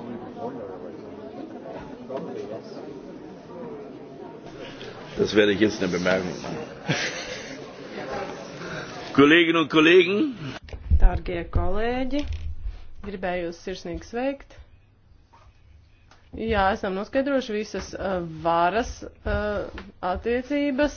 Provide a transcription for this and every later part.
probably before your original. Probably, yes. Das werde ich jetzt eine Bemerkung machen. Kolleginnen und Kollegen. Dārgie kolēģi, gribēju jūs sirsnīgi sveikt. Jā, esam noskaidrojuši visas uh, varas uh, attiecības.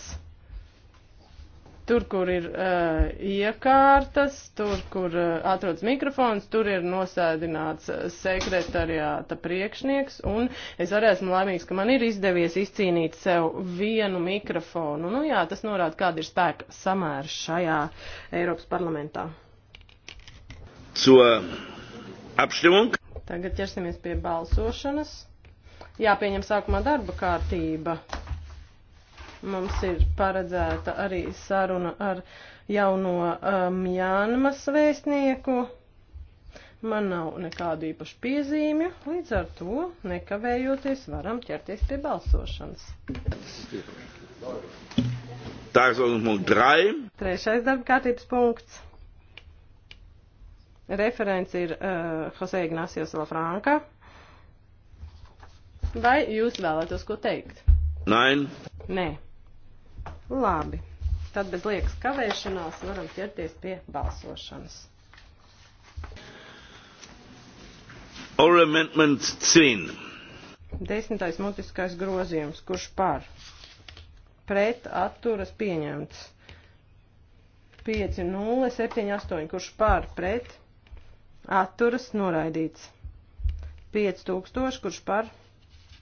Tur, kur ir uh, iekārtas, tur, kur uh, atrodas mikrofons, tur ir nosēdināts eh, sekretariāta priekšnieks, un es arī esmu laimīgs, ka man ir izdevies izcīnīt sev vienu mikrofonu. Nu jā, tas norāda, kāda ir spēka samēra šajā Eiropas parlamentā. Zur Abstimmung. Tagad ķersimies pie balsošanas. Jāpieņem sākumā darba kārtība. Mums ir paredzēta arī saruna ar jauno um, Mjānmas um, vēstnieku. Man nav nekādu īpašu piezīmju, līdz ar to nekavējoties varam ķerties pie balsošanas. Tagesordnungspunkt 3. Trešais darba kārtības punkts. Referents ir uh, Jose Ignacios Lafranka. Vai jūs vēlētos ko teikt? Nein. Nē. Labi, tad bez liekas kavēšanās varam ķerties pie balsošanas. Oral amendment 10. Desmitais mutiskais grozījums, kurš par pret atturas pieņemts. 5, 0, 7, 8, kurš par pret atturas noraidīts. 5000, kurš par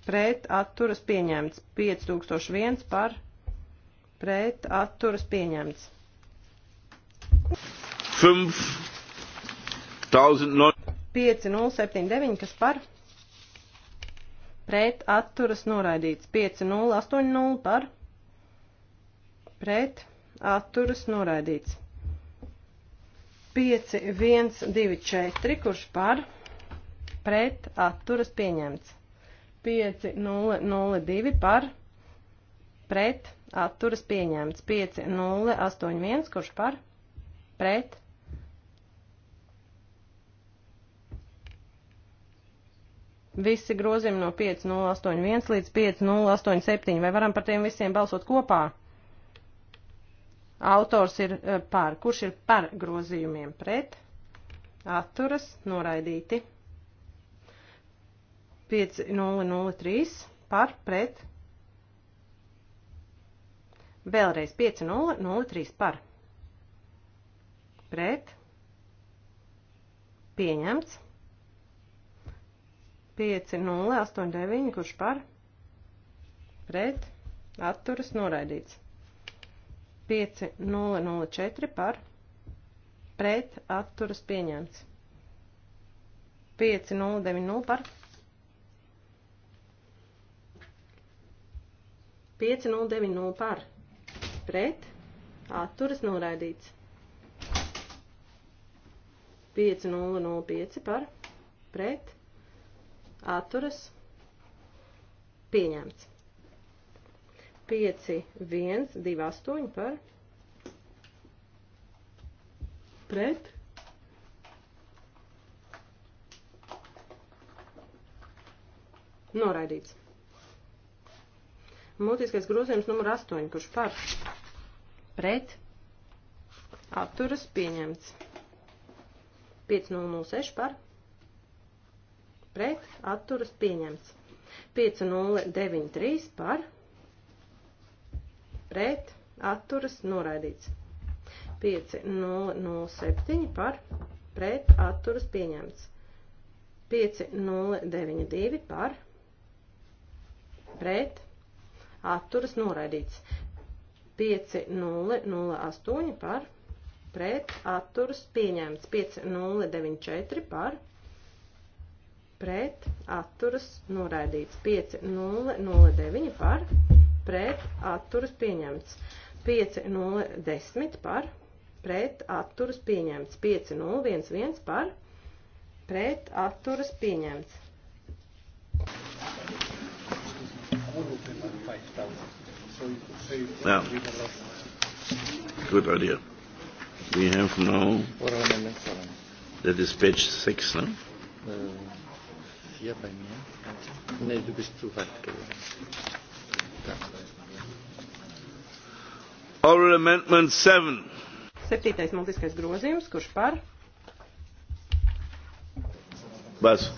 pret atturas pieņemts. 5001 par pret pret atturas pieņemts. 5079, kas par pret atturas noraidīts. 5080 par pret atturas noraidīts. 5124, kurš par pret atturas pieņemts. 5002 par pret atturas pieņemts 5081, kurš par pret. Visi grozījumi no 5081 līdz 5087. Vai varam par tiem visiem balsot kopā? Autors ir eh, par. Kurš ir par grozījumiem pret? Atturas noraidīti. 5003 par pret Vēlreiz 5-0-0-3 par. Pret. Pieņemts. 5-0-8-9, kurš par. Pret. Atturas noraidīts. 5-0-0-4 par. Pret. Atturas pieņemts. 5-0-9-0 par. 5-0-9-0 par pret, atturas noraidīts. 5005 par, pret, atturas, pieņemts. 5128 par, pret, noraidīts. Mūtiskais grozījums numur 8, kurš par, pret, pret atturas pieņemts. 5006 par pret atturas pieņemts. 5093 par pret atturas noraidīts. 5007 par pret atturas pieņemts. 5092 par pret atturas noraidīts. 5008 par pret atturas pieņemts 5094 par pret atturas noraidīts 5009 par pret atturas pieņemts 5010 par pret atturas pieņemts 5011 par pret atturas pieņemts. 5000. Yeah. Good idea. We have now. That is page six, no? Vier bei mir. Nee, du bist zu weit geworden. Oral amendment seven. Septītais multiskais grozījums, kurš par? Bas.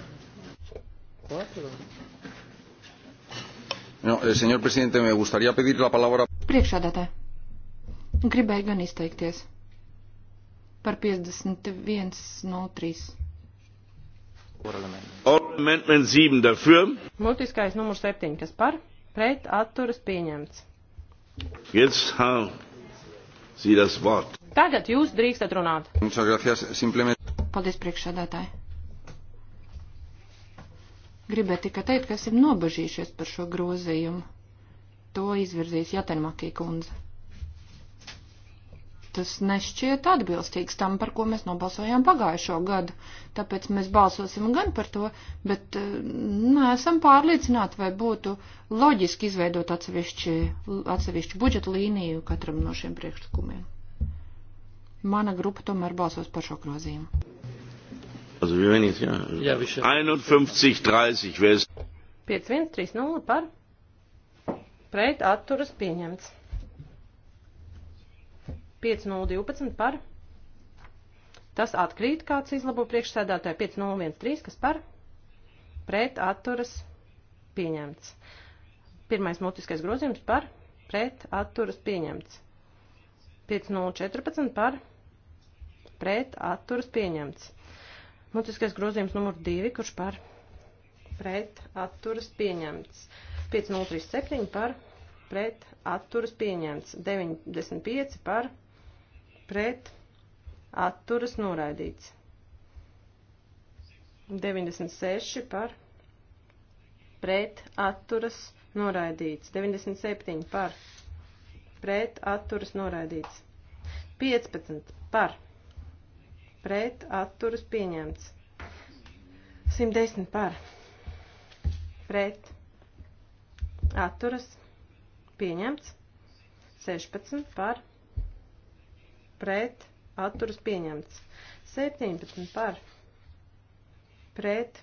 Ko? No, eh, senor presidente, me gustaría pedir la palabra. Priekšādātē. Gribēju gan izteikties. Par 51.03. Amendment 7 dafür. Multiskais numurs 7, kas par? Pret atturas pieņemts. Jetzt haben Sie das Wort. Tagad jūs drīkstat runāt. Muchas gracias, simplemente. Paldies priekšādātāji. Gribētu tikai teikt, ka esam nobažījušies par šo grozījumu. To izvirzīs Jatenmakī kundze. Tas nešķiet atbilstīgs tam, par ko mēs nobalsojām pagājušo gadu, tāpēc mēs balsosim gan par to, bet eh, neesam pārliecināti, vai būtu loģiski izveidot atsevišķi, atsevišķu budžeta līniju katram no šiem priekšlikumiem. Mana grupa tomēr balsos par šo grozījumu. Also wir werden jetzt ja. ja 51,30. Wer ist? 51,30 par. Pret atturas pieņemts. 5,012 par. Tas atkrīt, kāds izlabo priekšsēdētāju. 5,013, kas par. Pret atturas pieņemts. Pirmais mutiskais grozījums par. Pret atturas pieņemts. 5,014 par. Pret atturas pieņemts. Mutiskais grozījums numur 2, kurš par pret atturas pieņemts. 5037 par pret atturas pieņemts. 95 par pret atturas noraidīts. 96 par pret atturas noraidīts. 97 par pret atturas noraidīts. 15 par pret pret atturas pieņemts. 110 par pret atturas pieņemts. 16 par pret atturas pieņemts. 17 par pret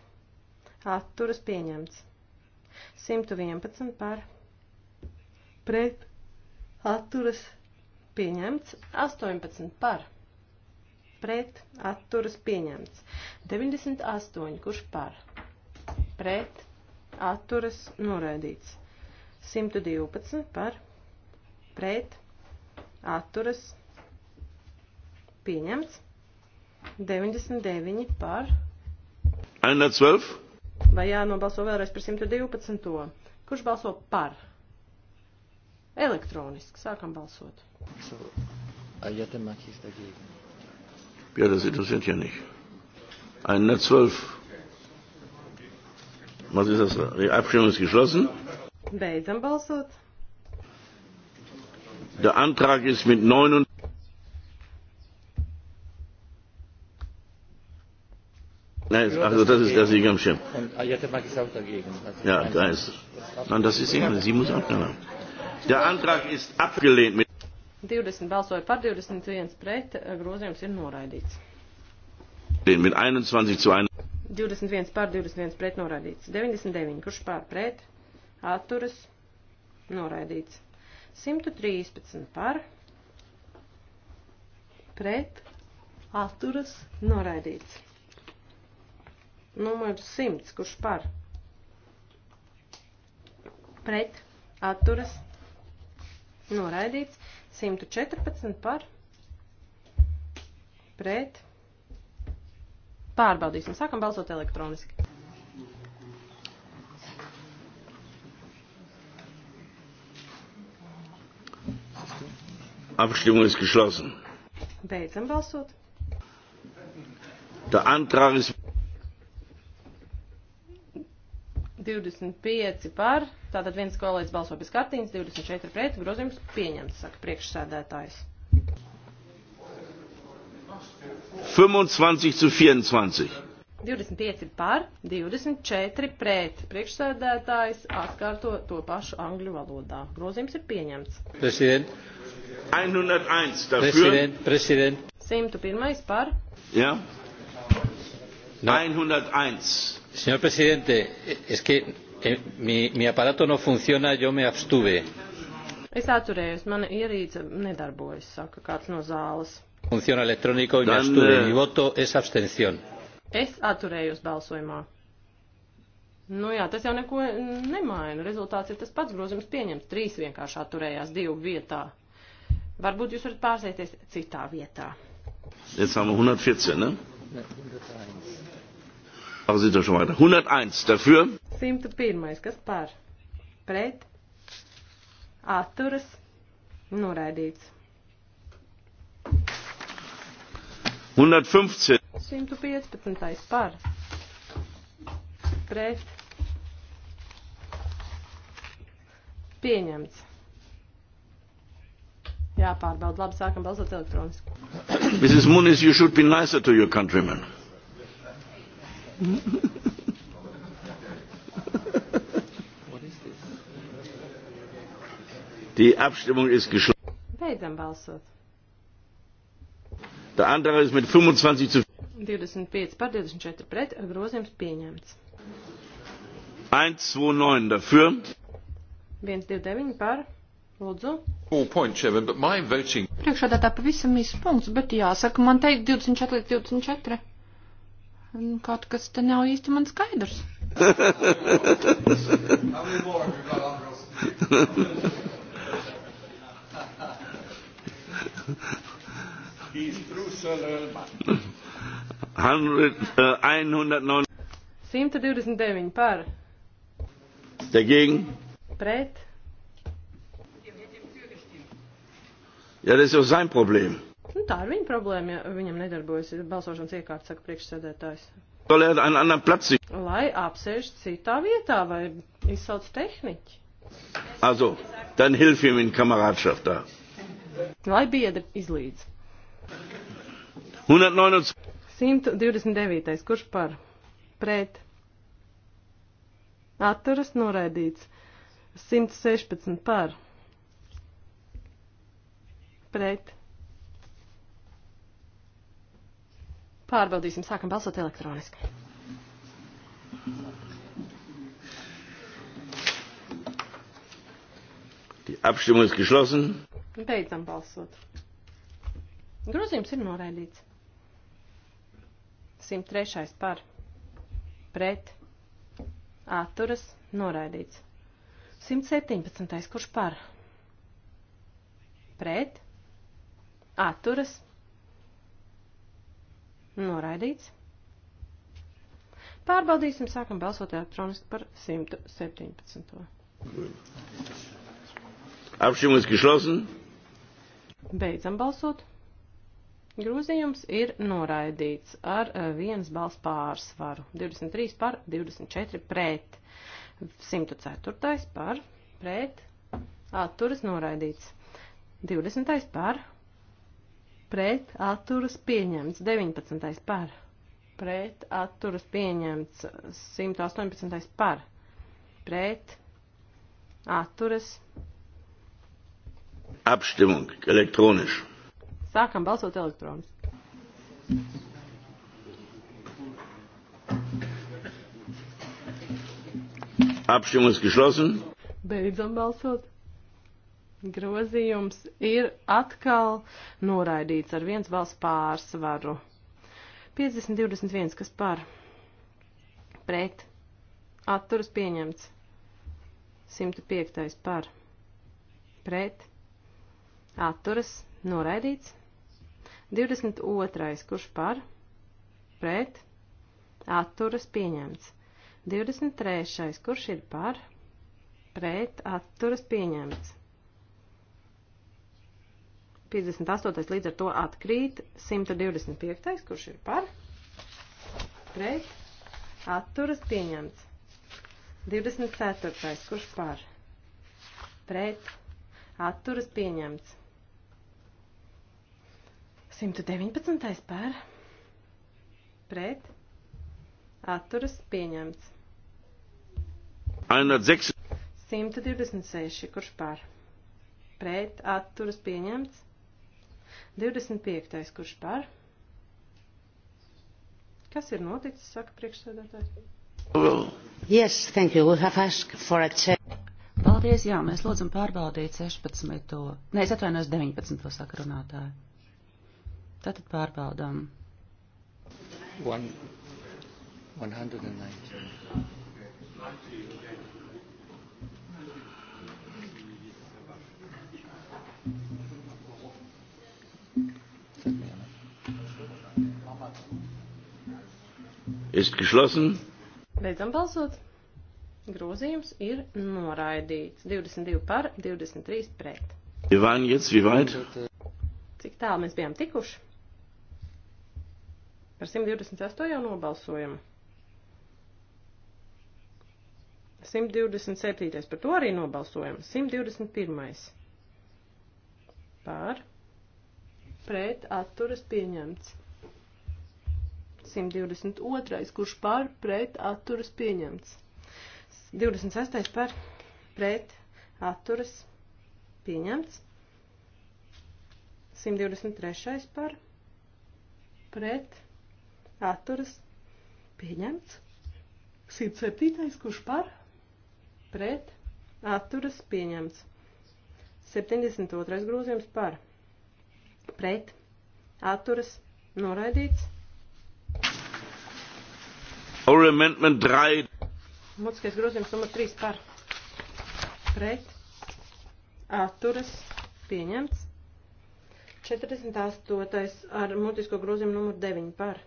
atturas pieņemts. 111 par pret atturas pieņemts. 18 par pret pret atturas pieņemts. 98, kurš par pret atturas noraidīts. 112 par pret atturas pieņemts. 99 par 112. Vai jānobalso vēlreiz par 112. Kurš balso par? Elektroniski sākam balsot. So, Ajatemakis dagegen. Ja, das interessiert ja nicht. Ein Netz 12. Was ist das? Die Abstimmung ist geschlossen. Beidzam balsot. Der Antrag ist mit 9 Nein, also das ist der Sieg am Schirm. Und Ayatollah ist auch dagegen. Ja, da ist. Nein, das ist eben, sie muss abgenommen. Der Antrag ist abgelehnt mit 20 balsoja par, 21 pret, eh, grozījums ir noraidīts. 21 par, 21 pret noraidīts. 99, kurš pār pret, atturas, noraidīts. 113 par, pret, atturas, noraidīts. Numurs 100, kurš par, pret, atturas, noraidīts. 114 par pret. Pārbaudīsim. Sākam balsot elektroniski. Abstimmung ist geschlossen. Beidzam balsot. Der Antrag ist 25 par, tātad viens kolēģis balso bez kartiņas, 24 pret, grozījums pieņemts, saka priekšsēdētājs. 25 zu 24. 25 par, 24 pret. Priekšsēdētājs atkārto to pašu angļu valodā. Grozījums ir pieņemts. President. 101 dafür. President, president. 101 par. Jā. Ja? No. 101. Señor presidente, es que eh, mi, mi aparato no funciona, yo me abstuve. Es atturējos, mana ierīce nedarbojas, saka kāds no zāles. Funciona electrónico y me abstuve. Eh, mi voto es abstención. Es atturējos balsojumā. Nu jā, tas jau neko nemaina. Rezultāts ir tas pats grozījums pieņemts. Trīs vienkārši atturējās divu vietā. Varbūt jūs varat pārsēties citā vietā. Jetzt haben wir 114, ne? 101. Aber sind doch schon weiter. 101 dafür. 101. Kas par? Pret. Atturas. Noraidīts. 115. 115. par. Pret. Pieņemts. Jāpārbauda. Labi, sākam balsot elektroniski. Mrs. Muniz, you should be nicer to your countrymen. Die Abstimmung ist geschlossen. Beidzam balsot. Der Antrag ist mit 25 zu 25 par 24 pret grozījums pieņemts. 129 dafür. 129 par. Lūdzu. Priekšādā tā pavisam īsts punkts, bet jāsaka, man teikt 24 līdz 24. Kaut kas te nav īsti man skaidrs. Hundred, uh, 129 par. Dagegen. Pret. Ja, das ist sein Problem. Nu, tā ir viņa problēma, ja viņam nedarbojas balsošanas iekārta, saka priekšsēdētājs. Lai apsēž citā vietā vai izsauc tehniķi. Also, dann hilf ihm in Kameradschaft da. Lai biedri izlīdz. 129. Kurš par? Pret. Atturas noraidīts. 116 par. Pret Pārbaudīsim, sākam balsot elektroniski. Die Abstimmung ist geschlossen. Beidzam balsot. Grozījums ir noraidīts. 103. par pret atturas noraidīts. 117. kurš par pret atturas noraidīts Noraidīts. Pārbaudīsim, sākam balsot elektroniski par 117. Apšķirums geschlossen. Beidzam balsot. Grūzījums ir noraidīts ar eh, vienas balss pārsvaru. 23 par, 24 pret. 104 par, pret. Atturas noraidīts. 20 par, pret atturas pieņemts. 19. par pret atturas pieņemts. 118. par pret atturas. Abstimmung elektronisch. Sākam balsot elektroniski. Abstimmung ist geschlossen. Beidzam balsot grozījums ir atkal noraidīts ar viens balss pārsvaru. 50-21, kas par? Pret. Atturas pieņemts. 105. par. Pret. Atturas noraidīts. 22. kurš par? Pret. Atturas pieņemts. 23. kurš ir par? Pret. Atturas pieņemts. 58. līdz ar to atkrīt. 125. kurš ir par? Pret. Atturas pieņemts. 24. kurš par? Pret. Atturas pieņemts. 119. par? Pret. Atturas pieņemts. 126. kurš par? Pret. Atturas pieņemts. 25. kurš par? Kas ir noticis, saka priekšsēdētājs? Yes, thank you. We have asked for a check. Paldies, jā, mēs lūdzam pārbaudīt 16. Nē, es atvainojos 19. saka runātāju. Tātad pārbaudām. 190. ist geschlossen. Beidzam balsot. Grozījums ir noraidīts. 22 par, 23 pret. Wir waren jetzt wie weit? Cik tālu mēs bijām tikuši? Par 128 jau nobalsojam. 127. par to arī nobalsojam. 121. par pret atturas pieņemts. 122. kurš par pret atturas pieņemts. 26. par pret atturas pieņemts. 123. par pret atturas pieņemts. 107. kurš par pret atturas pieņemts. 72. grozījums par pret atturas noraidīts. Oral amendment 3. Mutiskais grozījums numur 3 par. Pret. Atturas. Pieņemts. 48. ar mutisko grozījumu numur 9 par.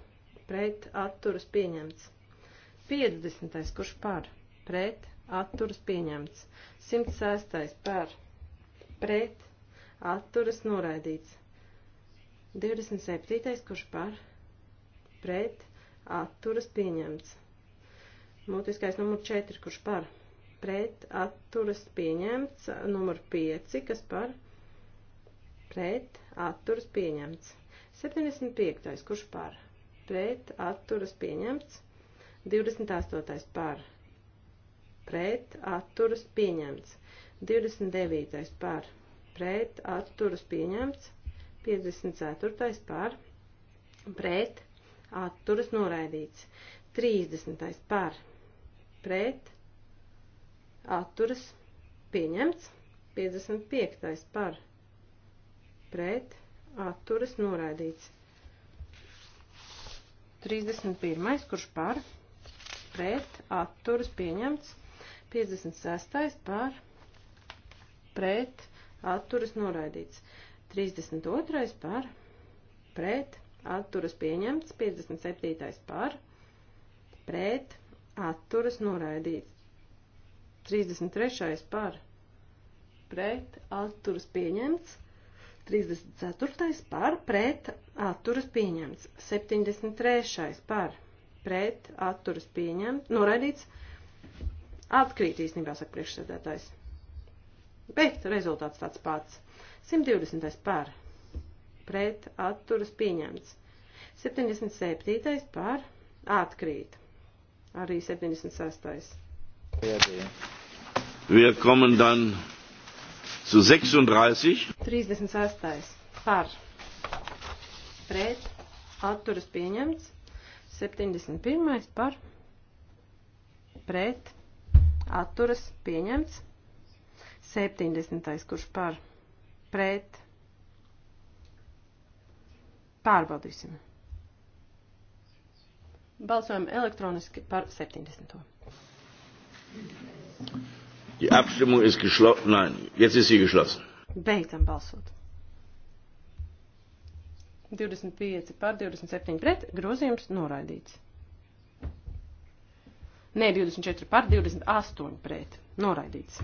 Pret. Atturas. Pieņemts. 50. kurš par. Pret. Atturas. Pieņemts. 106. par. Pret. Atturas. Noraidīts. 27. kurš par. Pret atturas pieņemts. Mutiskais numur 4, kurš par pret atturas pieņemts, numur 5, kas par pret atturas pieņemts. 75. kurš par pret atturas pieņemts, 28. par pret atturas pieņemts, 29. par pret atturas pieņemts, 54. par pret atturas noraidīts. 30. par pret atturas pieņemts. 55. par pret atturas noraidīts. 31. kurš par pret atturas pieņemts. 56. par pret atturas noraidīts. 32. par pret atturas pieņemts, 57. par, pret, atturas noraidīts, 33. par, pret, atturas pieņemts, 34. par, pret, atturas pieņemts, 73. par, pret, atturas pieņemts, noraidīts, atkrīt īstenībā, saka priekšsēdētājs. Bet rezultāts tāds pats. 120. par, pret atturas pieņemts. 77. par atkrīt. Arī 76. Wir kommen dann zu 36. 36. par pret atturas pieņemts. 71. par pret atturas pieņemts. 70. kurš par pret Pārbaudīsim. Balsojam elektroniski par 70. Die Abstimmung ist geschlossen. Nein, jetzt ist sie geschlossen. Beidzam balsot. 25 par 27 pret, grozījums noraidīts. Nē, 24 par 28 pret, noraidīts.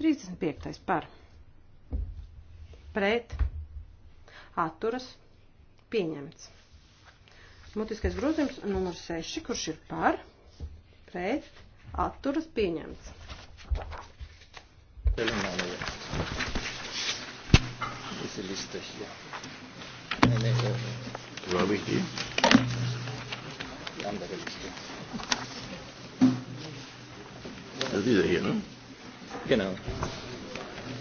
35 par pret, atturas, Pieņemts. Mutiskais grozījums numur 6, kurš ir par, pret, atturas pieņemts. Diese Liste hier. Eine, Wo habe ich die? Die andere Liste. Er also diese hier, ne? Genau.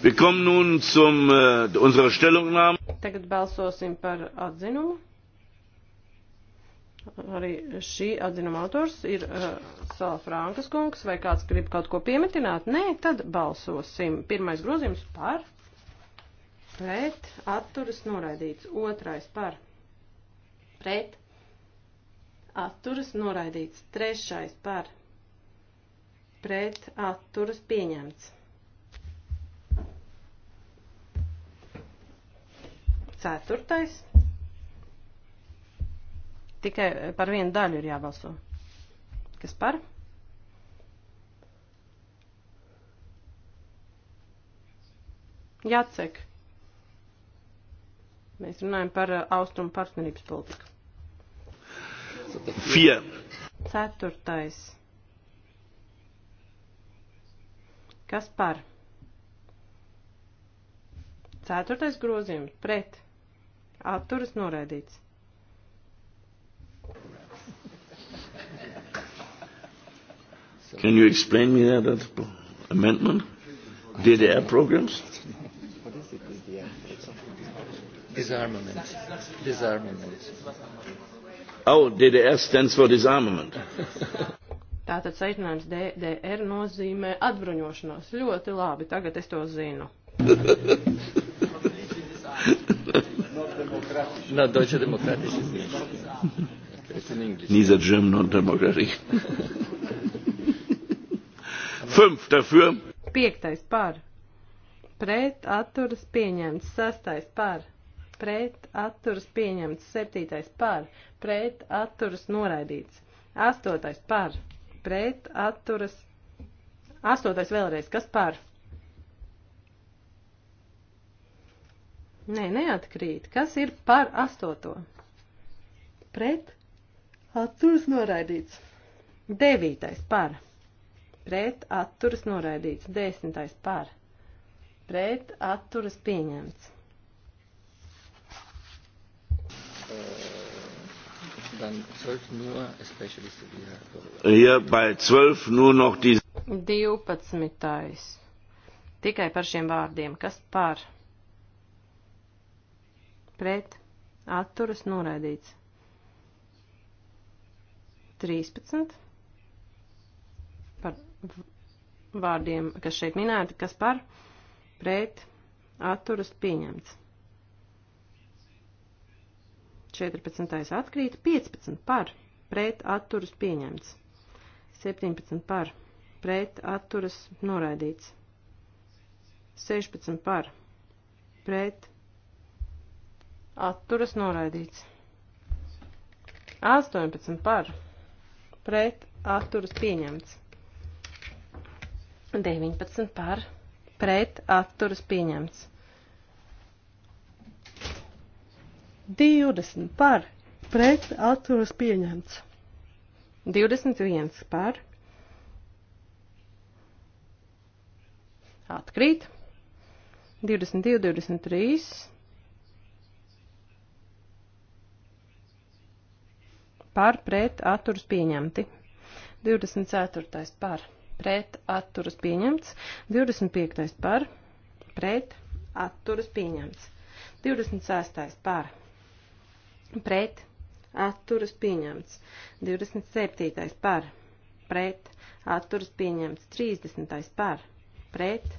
Wir kommen nun zu äh, unserer Stellungnahme. Tagad balsosim par atzinumu. Arī šī atzinuma autors ir uh, Sala Frankas kungs. Vai kāds grib kaut ko piemetināt? Nē, tad balsosim. Pirmais grozījums par, pret, atturas noraidīts. Otrais par, pret, atturas noraidīts. Trešais par, pret, atturas pieņemts. Ceturtais. Tikai par vienu daļu ir jābalso. Kas par? Jācek. Mēs runājam par uh, austrumu partnerības politiku. Vier. Ceturtais. Kas par? Ceturtais grozījums pret. Atturas noraidīts. Can you explain me that, that amendment? DDR programs? What is it, DDR? Disarmament. Disarmament. Oh, DDR stands for disarmament. Tātad saīsinājums DDR nozīmē atbruņošanos. Ļoti labi, tagad es to zinu. Demokratische. Na, deutsche Demokratische ist nicht. It's in English. Neither German nor Democratic. Fünf dafür. Piektais par. Pret atturas pieņemts. Sastais par. Pret atturas pieņemts. Septītais par. Pret atturas noraidīts. Astotais par. Pret atturas. Astotais vēlreiz. Kas par? Nē, neatkrīt. Kas ir par astoto? Pret. Atturas noraidīts. Devītais par. Pret. Atturas noraidīts. Desmitais par. Pret. Atturas pieņemts. Dann 12 nur, especially Hier bei 12 nur noch die 12. Tikai par šiem vārdiem. Kas par? pret atturas noraidīts. 13 par vārdiem, kas šeit minēti, kas par pret atturas pieņemts. 14. atkrīt, 15 par pret atturas pieņemts. 17 par pret atturas noraidīts. 16 par pret atturas noraidīts. 18 par, pret, atturas pieņemts. 19 par, pret, atturas pieņemts. 20 par, pret, atturas pieņemts. 21 par, atkrīt. 22, 23 par pret atturas pieņemti. 24. par pret atturas pieņemts. 25. par pret atturas pieņemts. 26. par pret atturas pieņemts. 27. par pret atturas pieņemts. 30. par pret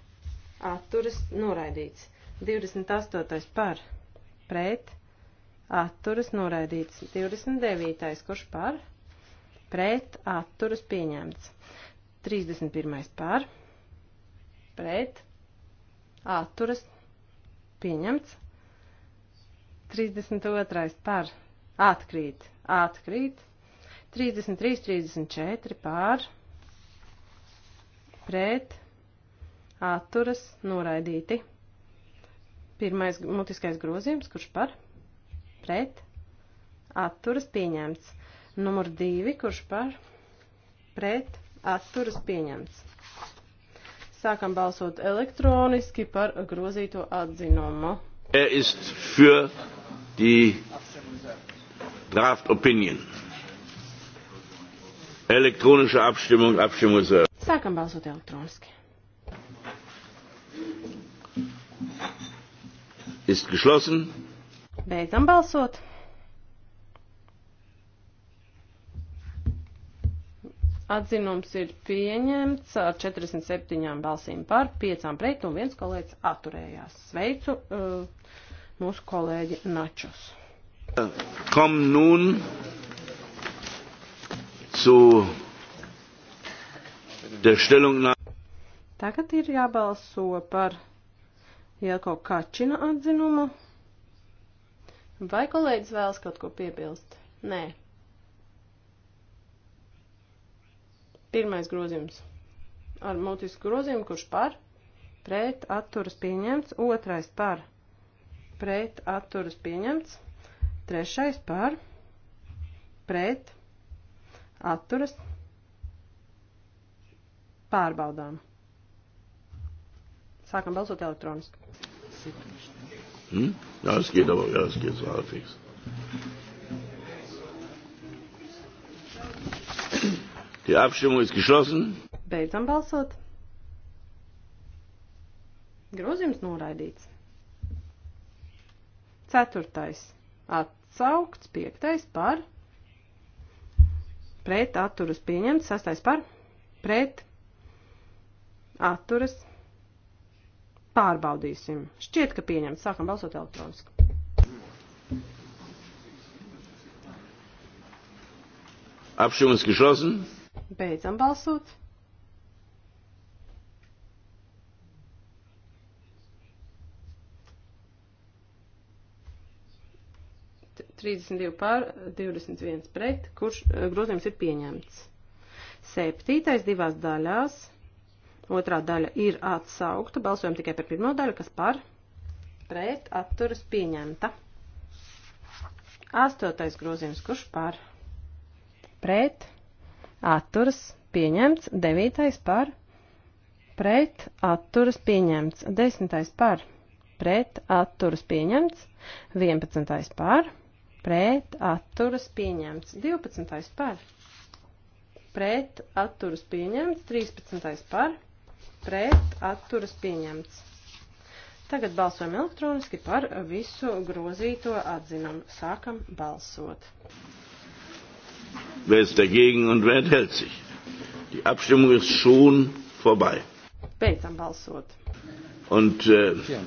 atturas noraidīts. 28. par pret atturas noraidīts. 29. kurš par, pret, atturas pieņemts. 31. par, pret, atturas pieņemts. 32. par, atkrīt, atkrīt. 33, 34 pār, pret, atturas, noraidīti. Pirmais mutiskais grozījums, kurš par? pret, atturas pieņemts. Numur 2, kurš par, pret, atturas pieņemts. Sākam balsot elektroniski par grozīto atzinumu. Er ist für die draft opinion. Elektronische Abstimmung, Abstimmung ist eröffnet. Sākam balsot elektroniski. Ist geschlossen. Beidzam balsot. Atzinums ir pieņemts ar 47 balsīm par, 5 pret un viens kolēģis atturējās. Sveicu uh, mūsu kolēģi Načus. Kom nun zu der Stellungnahme. Tagad ir jābalso par Jelko Kačina atzinumu. Vai kolēģis vēlas kaut ko piebilst? Nē. Pirmais grozījums. Ar mutisku grozījumu, kurš par, pret, atturas pieņemts. Otrais par, pret, atturas pieņemts. Trešais par, pret, atturas pārbaudām. Sākam balsot elektroniski. Sipnišķi. Hm? Ja, es geht aber, ja, es geht so halbwegs. Die Abstimmung ist geschlossen. Beidzam balsot. Grozījums noraidīts. Ceturtais atsaukts, piektais par, pret atturas pieņemts, sastais par, pret atturas pieņemts Pārbaudīsim. Šķiet, ka pieņemts. Sākam balsot elektroniski. Abstimmung ist geschlossen. Beidzam balsot. T 32 pār, 21 pret, kurš eh, grozījums ir pieņemts. Septītais divās daļās. Otrā daļa ir atsaukta. Balsojam tikai par pirmo daļu, kas par pret atturas pieņemta. Astotais grozījums, kurš par pret atturas pieņemts. Devītais par pret atturas pieņemts. Desmitais par pret atturas pieņemts. Vienpadsmitais par pret atturas pieņemts. Divpadsmitais par pret atturas pieņemts. Trīspadsmitais par pret pret atturas pieņemts. Tagad balsojam elektroniski par visu grozīto atzinumu. Sākam balsot. Wer ist dagegen un wer enthält sich? Die Abstimmung ist schon vorbei. Beidzam balsot. Und äh,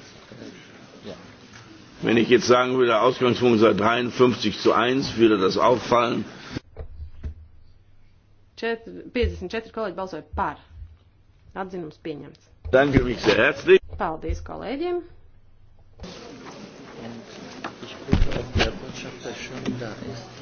wenn ich jetzt sagen würde, Ausgangspunkt sei 53 zu 1, würde das auffallen. 54 kolēģi balsoja par Atzinums pieņemts. Paldies kolēģiem! Ich bitte, ob der Botschafter schon da ist.